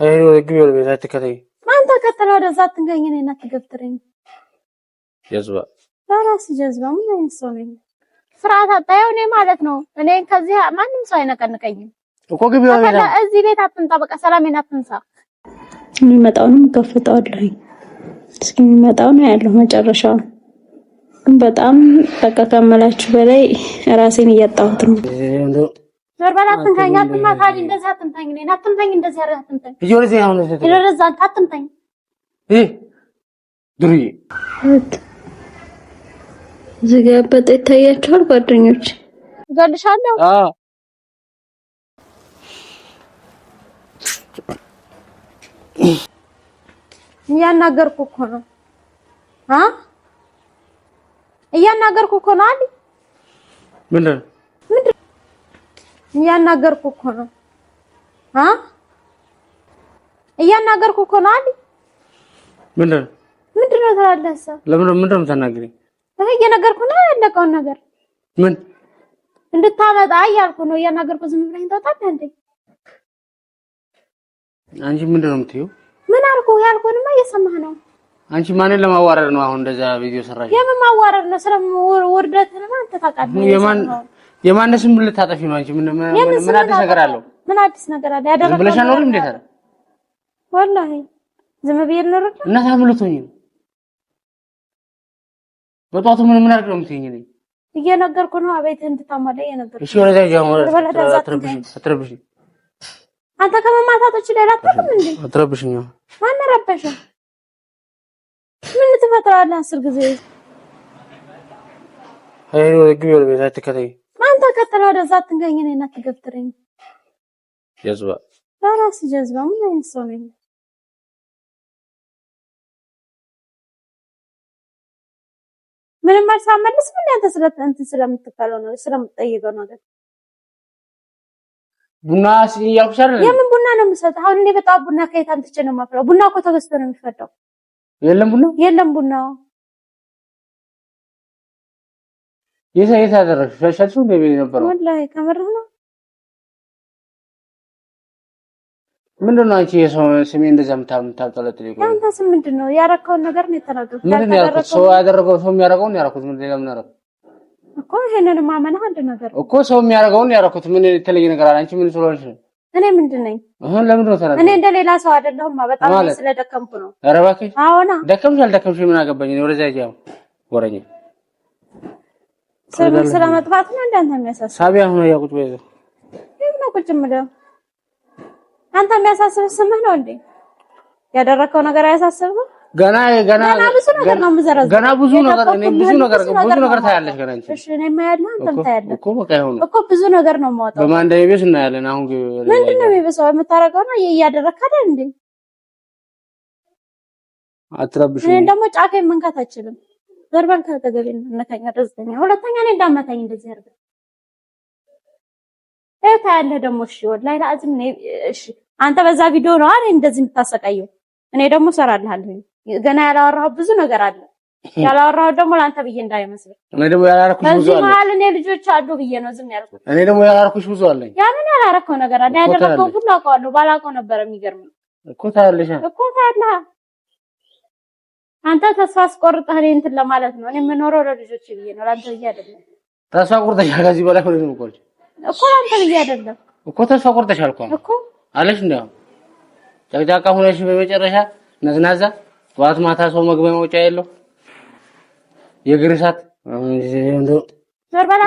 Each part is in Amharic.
ሄሎ ግቢ ወደ ቤት አትከተይ። ማን ተከተለ? ወደዛ አትንገኝ። እኔ እና ትገብትረኝ ጀዝባ በራስ ጀዝባ። ምን አይነት ሰው ነኝ? ፍርሃት አጣየው እኔ ማለት ነው። እኔ ከዚህ ማንም ሰው አይነቀንቀኝም እኮ ግቢ ወደ ቤት። እዚህ ቤት አትምጣ። በቃ ሰላሜን አትንሳ። የሚመጣውንም ከፍተዋለሁኝ። እስኪ የሚመጣውን ያለው መጨረሻውን በጣም በቃ ከመላችሁ በላይ ራሴን እያጣሁት ነው። ኖርማል አትንካኝ፣ አትንካኝ፣ እንደዚህ አትንካኝ፣ እኔን አትንካኝ፣ እንደዚህ አረህ አትንካኝ። ይወረዚህ አሁን እንደዚህ ይወረዛ አትንካኝ። እህ ድሩዬ እዚህ ጋር በጣም ይታያችኋል ጓደኞች። እገልሻለሁ። እያናገርኩ እኮ ነው አ እያናገርኩ እኮ ነው አይደል? ምንድን ነው ምንድን ነው እያናገርኩ እኮ ነው አ እያናገርኩ እኮ ነው አይደል? ምንድን ምንድን ነው ትላለህ? እሷ ለምን ምንድን ነው የምታናግሪኝ? እየነገርኩ ነው ያለቀውን ነገር ምን እንድታመጣ እያልኩ ነው። እያናገርኩ ዝም ብለህ ተውጣለህ እንዴ? አንቺ ምንድን ነው የምትይው? ምን አልኩ? ያልኩንማ እየሰማህ ነው። አንቺ ማንን ለማዋረድ ነው አሁን እንደዛ ቪዲዮ ሰራሽ? የምን ማዋረድ ነው? ስለምን ውርደትህን አንተ ታውቃለህ። የማን የማነስ ምን ልታጠፊ ነው አንቺ? ምን ምን አዲስ ነገር አለው? ምን አዲስ ነገር አለ? ያደረገው ብለሽ አኖር እንዴት አለ? ወላሂ ዝም ብዬ ልኖር እና ታምልቶኝ ነው። በጧቱ ምን ምን አድርግ ነው የምትይኝ? እኔ እየነገርኩ ነው። አቤት እንድታማላ እየነገርኩ እሺ። ወደ ዛሬ ጀምሮ አትረብሽ፣ አትረብሽ። አንተ ከመማታቶች ላይ አላጠቅም እንዴ? አትረብሽኝ። ማን ረበሽ? ምን ትፈጥራለህ? አስር ጊዜ አይ ነው ግቢ ወደ ቤት አትከተይ በቀጥታ ወደዛ አትንገኝ፣ እኔን አትገብትረኝ። ጀዝባ በራስ ጀዝባ ምን አይነት ሰው ነኝ? ምንም መልስ ምን ያንተ ስለተንት ስለምትፈለው ነው ስለምትጠይቀው ነው አይደል? ቡና እያልኩሽ የምን ቡና ነው የምሰጠው? አሁን እኔ በጣም ቡና ከየት አምጥቼ ነው የማፈላው? ቡና እኮ ተገዝቶ ነው የሚፈላው። የለም ቡና የለም ቡና የት የት አደረግሽው? ሻሻችሁ እንደ ቤት ነበረው። ወላሂ ከምርህ ነው። ምንድን ነው አንቺ የሰው ስሜ እንደዛ የምታብጠለጥል? ያንተ ስም ምንድን ነው? ያረከውን ነገር ነው የተናገርኩት። ምንድን ነው ያደረኩት? ሰው ያደረገው ሰው የሚያደርገውን ነው ያደረኩት። ምንድን ነው የምናደርገው እኮ ይሄንን ማመን አንድ ነገር እኮ ሰው የሚያደርገውን ነው ያደረኩት። ምን የተለየ ነገር አለ? አንቺ ምን ስለሆንሽ ነው? እኔ ምንድን ነኝ? አሁን ለምንድን ነው ተናገርኩት? እኔ እንደሌላ ሰው አይደለሁም። በጣም ስለደከምኩ ነው። ኧረ እባክሽ። አዎና ደከምሽ አልደከምሽ ምን አገባኝ? ወረዛ ይያው ወረኛ ስራ መጥፋት ነው እንዳንተ የሚያሳስብ ሳቢያ ሆኖ ያቁጭ በይ ነው ቁጭ የምለው አንተ የሚያሳስብ ስምህ ነው እንዴ? ያደረከው ነገር አያሳስብም ገና ገና ብዙ ነገር ነው የምዘረዝረው። ገና ብዙ ነገር እኔ ብዙ ነገር ብዙ ነገር ታያለሽ ገና እንጂ። እሺ እኔ ማያለሁ አንተም ታያለህ እኮ በቃ ይሁን እኮ ብዙ ነገር ነው የማወጣው። በማን እንደሚብስ እናያለን። አሁን ምንድን ነው የምታረገው ነው እያደረክ አይደል እንዴ? አትረብሽኝ። እኔ ደግሞ ጫካ መንካት አችልም። ገርበን ከተገቢ መተኛ ደስተኛ ሁለተኛ እኔ እንዳመታኝ እንደዚህ አድርገህ እታ ያለ ደግሞ እሺ፣ ወላሂ ለአዚም ነው። እሺ አንተ በዛ ቪዲዮ ነው አይደል እንደዚህ የምታሰቃየው? እኔ ደግሞ እሰራልሃለሁ። ገና ያላወራኸው ብዙ ነገር አለ። ያላወራኸው ደግሞ ለአንተ ብዬ እንዳይመስልህ። እኔ ደግሞ ያላረኩሽ ብዙ አለ። መሀል እኔ ልጆች አሉ ብዬ ነው ዝም ያልኩት። እኔ ደግሞ ያላረኩሽ ብዙ አለኝ። ምን ያላረከው ነገር አለ። ያደረከው ሁሉ አውቀዋለሁ። ባላውቀው ነበር። የሚገርም እኮ ታያለሽ እኮ ታያለህ አንተ ተስፋ አስቆርጠህ እኔ እንትን ለማለት ነው። እኔ የምኖረው ለልጆች ብዬ ነው፣ ለአንተ ብዬ አይደለም። ተስፋ ቆርጠሻል። ከዚህ በላይ ሆነ ነው እኮ ለአንተ ብዬ አይደለም እኮ ተስፋ ቆርጠሻል እኮ እኮ አለሽ። እንደው ጨቅጫቃ ሆነሽ በመጨረሻ ነዝናዛ፣ ጠዋት ማታ ሰው መግቢያ መውጫ የለው የእግር እሳት እንደው ኖርማል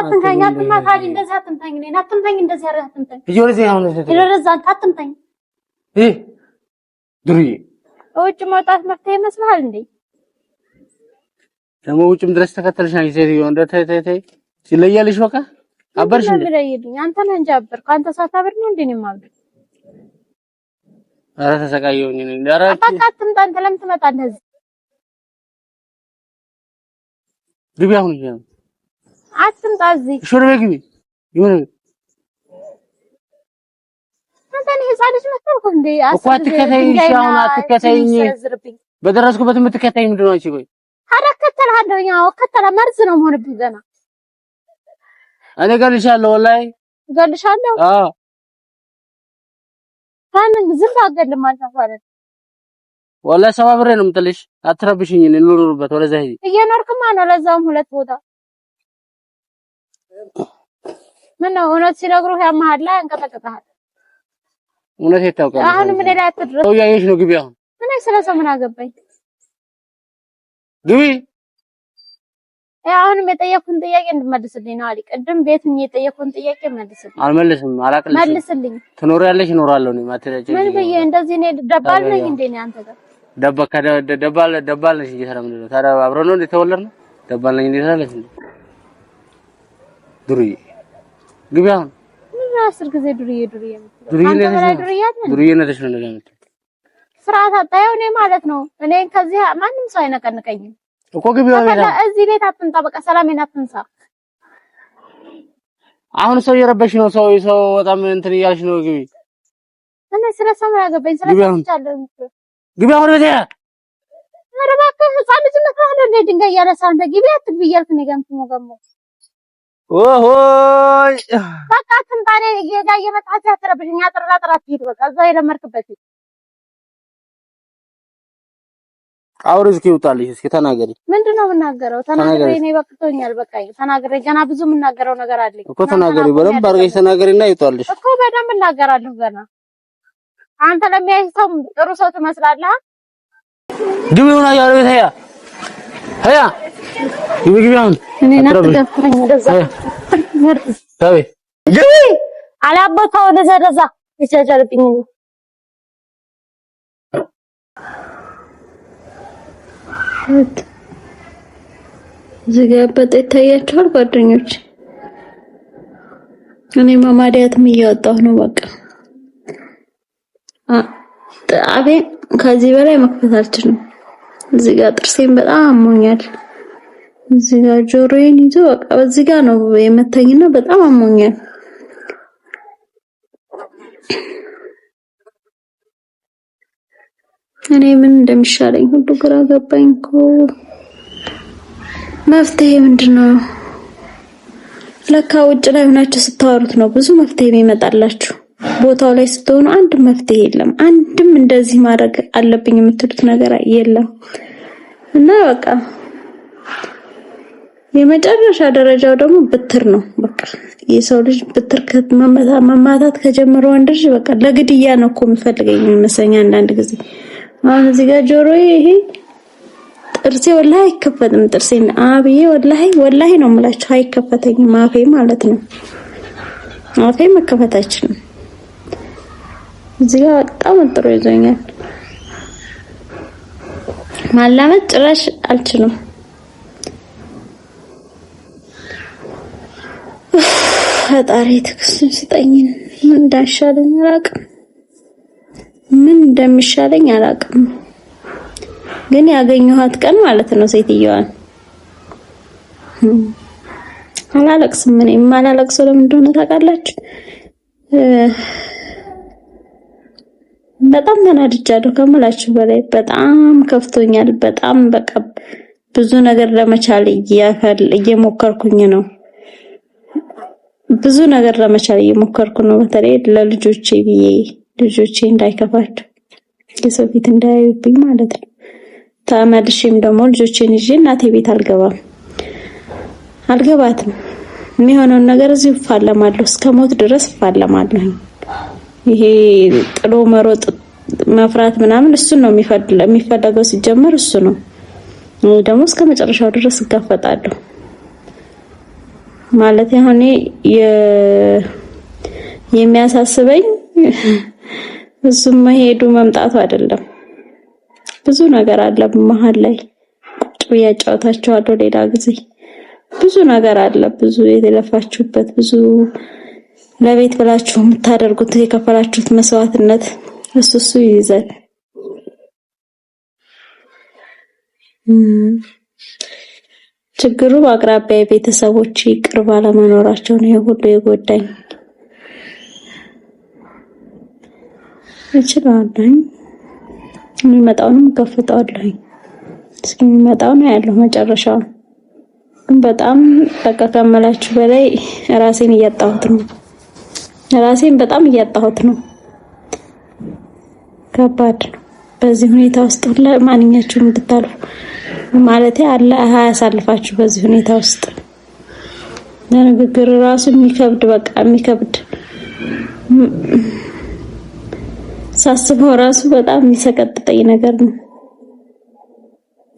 ውጭ መውጣት መፍትሄ ይመስልሃል እንዴ? ደግሞ ውጭም ድረስ ተከተልሽ አንቺ ሴትዮ እንደ ተይ ተይ ተይ ሲለያልሽ በቃ አበርሽ እንዴ? አንተ ነህ እንጂ አበርኩ። አንተ ሳታብር ነው እንዴ ነው ማብር? ኧረ ተሰቃየሁኝ ነኝ እንዴ? ኧረ አታካትም። አንተ ለምን ትመጣለህ እዚህ? ግቢ አሁን ይሄ አትምጣ እዚህ። ሹር ወደ ቤት ግቢ። ይሁን አንተ ነህ ህፃን ልጅ መስልኩ እንዴ? አትከተይኝ፣ አሁን አትከተይኝ። በደረስኩበት የምትከተይኝ ምንድን ነው አንቺ? ቆይ ኧረ እከተልሃለሁኝ። አዎ እከተላ መርዝ ነው የምሆንብህ ገና። እኔ እገልሻለሁ፣ ወላሂ እገልሻለሁ። አዎ ታንን ዝም አገልም አልተፈረደ ወላሂ ሰባብሬ ነው የምጥልሽ። አትረብሽኝ፣ እንኑርበት። ወደዛ ሂጂ። እየኖርክማ ነው፣ ለዛውም ሁለት ቦታ። ምነው እውነት ሲነግሩህ ያመሃል ላይ አንቀጠቅጠሃል። እውነት የታውቃለህ። አሁንም እኔ ላይ አትድረስ። ሰው ነው ግቢ። አሁን እኔ ስለሰው ምን አገባኝ? ግቢ። አሁንም የጠየኩህን ጥያቄ እንድመልስልኝ ነው አሊ። ቅድም ቤት ምን የጠየኩህን ጥያቄ መልስልኝ። አልመልስም፣ አላቅልሽም። መልስልኝ። ትኖሪያለሽ፣ እኖራለሁ ነው ማትረጨ። ምን ብዬ እንደዚህ ነው? ደባል ነኝ እንዴ ነው አንተ ጋር? ደባካ ደባል ደባል ነሽ እየሰራ ምንድን ነው ታዲያ? አብረን ነው የተወለድነው። ደባል ነኝ እንዴ ትላለች እንዴ? ዱርዬ ግቢ። አሁን ምን አስር ጊዜ ዱርዬ ዱርዬ ዱርዬ ነሽ ነው እንደዛ የምትለው ስርዓት አጣየው እኔ ማለት ነው። እኔ ከዚህ ማንም ሰው አይነቀንቀኝም እኮ ግቢው አቤላ እዚህ ቤት አትምጣ፣ በቃ ሰላሜን አትንሳ። አሁን ሰው እየረበሽ ነው። ሰው ሰው በጣም እንትን እያልሽ ነው። ግቢ እኔ ስለ ስለሰማ ያገባኝ ስለሰምቻለሁ። ግቢ አሁን ወዲያ ኧረ እባክህ ህፃን ልጅ መስራት እንደ ድንጋይ እያነሳ አንተ ግቢ አትግቢ እያልክ እኔ ገምት ነው ገሞ ኦሆይ በቃ አትምጣ። እኔ ጋር እየመጣህ አትረብሽኝ። አጥራ አጥራ በቃ እዛ የለመድክበት አውሪሽ ይውጣልሽ። እስኪ ተናገሪ። ምንድነው የምናገረው? ተናገሪ። እኔ በቅቶኛል፣ በቃኝ። ተናገሪ። ገና ብዙ የምናገረው ነገር አለኝ እኮ። ተናገሪ፣ በደንብ አድርገሽ ተናገሪና ይውጣልሽ እኮ። በደንብ እናገራለሁ። ገና አንተ ለሚያይ ሰው ጥሩ ሰው ትመስላለህ። ግቢ ሆና ያለው ይተያ ሀያ ግቢ ግቢ። አሁን እኔ ናትደፍረኝ ወደዛ ግቢ አላቦታው ወደዛ ወደዛ ይቻቻልብኝ ጉድ! እዚህ ጋር ያበጠ ይታያችኋል ጓደኞች። እኔ ማማዲያትም እያወጣሁ ነው። በቃ አቤ ከዚህ በላይ መክፈት አልችልም። እዚህ ጋር ጥርሴን በጣም አሞኛል። እዚህ ጋር ጆሮዬን ይዞ በቃ በዚህ ጋር ነው የመታኝና በጣም አሞኛል። እኔ ምን እንደሚሻለኝ ሁሉ ግራ ገባኝ እኮ። መፍትሄ ምንድን ነው? ለካ ውጭ ላይ ሆናችሁ ስታወሩት ነው ብዙ መፍትሄ የሚመጣላችሁ። ቦታው ላይ ስትሆኑ አንድም መፍትሄ የለም። አንድም እንደዚህ ማድረግ አለብኝ የምትሉት ነገር የለም። እና በቃ የመጨረሻ ደረጃው ደግሞ ብትር ነው። በቃ የሰው ልጅ ብትር መማታት ከጀመረ ወንድ ልጅ በቃ ለግድያ ነው እኮ የሚፈልገኝ የሚመስለኝ አንዳንድ ጊዜ አሁን እዚህ ጋር ጆሮዬ ይሄ ጥርሴ ወላሂ አይከፈትም። ጥርሴን አብዬ ወላሂ ወላሂ ነው የምላችሁ አይከፈተኝም። አፌ ማለት ነው አፌ መከፈት አይችልም። እዚህ ጋር በጣም ጥሩ ይዞኛል። ማላመጥ ጭራሽ አልችልም። ፈጣሪ ትዕግስቱን ስጠኝ። እንዳሻለኝ አላውቅም። ምን እንደሚሻለኝ አላውቅም። ግን ያገኘኋት ቀን ማለት ነው ሴትዮዋን አላለቅስም። ምን የማላለቅሰው ለምን እንደሆነ ታውቃላችሁ? በጣም ተናድጃለሁ ከምላችሁ በላይ በጣም ከፍቶኛል። በጣም በቃ ብዙ ነገር ለመቻል እየሞከርኩኝ ነው። ብዙ ነገር ለመቻል እየሞከርኩ ነው፣ በተለይ ለልጆቼ ብዬ ልጆቼ እንዳይከፋቸው የሰው ፊት እንዳያዩብኝ ማለት ነው። ተመልሼም ደግሞ ልጆቼን ይዤ እናቴ ቤት አልገባም አልገባትም። የሚሆነውን ነገር እዚሁ እፋለማለሁ፣ እስከ ሞት ድረስ እፋለማለሁ። ይሄ ጥሎ መሮጥ መፍራት ምናምን እሱን ነው የሚፈለገው። ሲጀመር እሱ ነው። እኔ ደግሞ እስከ መጨረሻው ድረስ እጋፈጣለሁ ማለት አሁን የሚያሳስበኝ እሱም መሄዱ መምጣቱ አይደለም። ብዙ ነገር አለ መሀል ላይ ቁጭ ብዬ አጫውታችኋለሁ። ሌላ ጊዜ ብዙ ነገር አለ፣ ብዙ የተለፋችሁበት፣ ብዙ ለቤት ብላችሁ የምታደርጉት የከፈላችሁት መስዋዕትነት፣ እሱ እሱ ይይዛል። ችግሩ በአቅራቢያ ቤተሰቦች ቅርብ አለመኖራቸው ነው የሁሉ የጎዳኝ። እችላለሁኝ። የሚመጣውንም እጋፍጠዋለሁኝ። እስኪ የሚመጣውን ያለው መጨረሻውን ግን በጣም በቃ ከመላችሁ በላይ ራሴን እያጣሁት ነው። ራሴን በጣም እያጣሁት ነው። ከባድ ነው። በዚህ ሁኔታ ውስጥ ሁላ ማንኛችሁም እንድታልፉ ማለት አለ አያሳልፋችሁ። በዚህ ሁኔታ ውስጥ ለንግግር ራሱ የሚከብድ በቃ የሚከብድ ሳስበው ራሱ በጣም የሚሰቀጥጠኝ ነገር ነው፣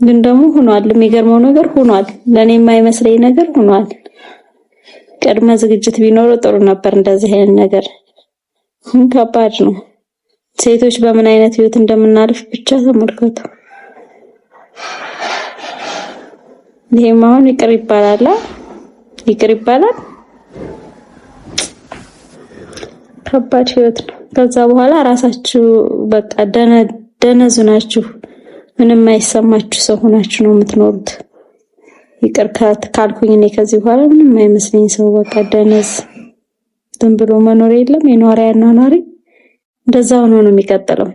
ግን ደግሞ ሆኗል። የሚገርመው ነገር ሆኗል። ለእኔ የማይመስለኝ ነገር ሆኗል። ቅድመ ዝግጅት ቢኖረው ጥሩ ነበር። እንደዚህ አይነት ነገር ከባድ ነው። ሴቶች በምን አይነት ህይወት እንደምናልፍ ብቻ ተመልከቱ። ይሄም አሁን ይቅር ይባላል፣ ይቅር ይባላል። ከባድ ህይወት ነው። ከዛ በኋላ ራሳችሁ በቃ ደነዙ ናችሁ፣ ምንም አይሰማችሁ ሰው ሆናችሁ ነው የምትኖሩት። ይቅር ካልኩኝ እኔ ከዚህ በኋላ ምንም አይመስለኝ ሰው በቃ ደነዝ፣ ዝም ብሎ መኖር የለም የኗሪ ያኗኗሪ እንደዛ ሆኖ ነው የሚቀጥለው።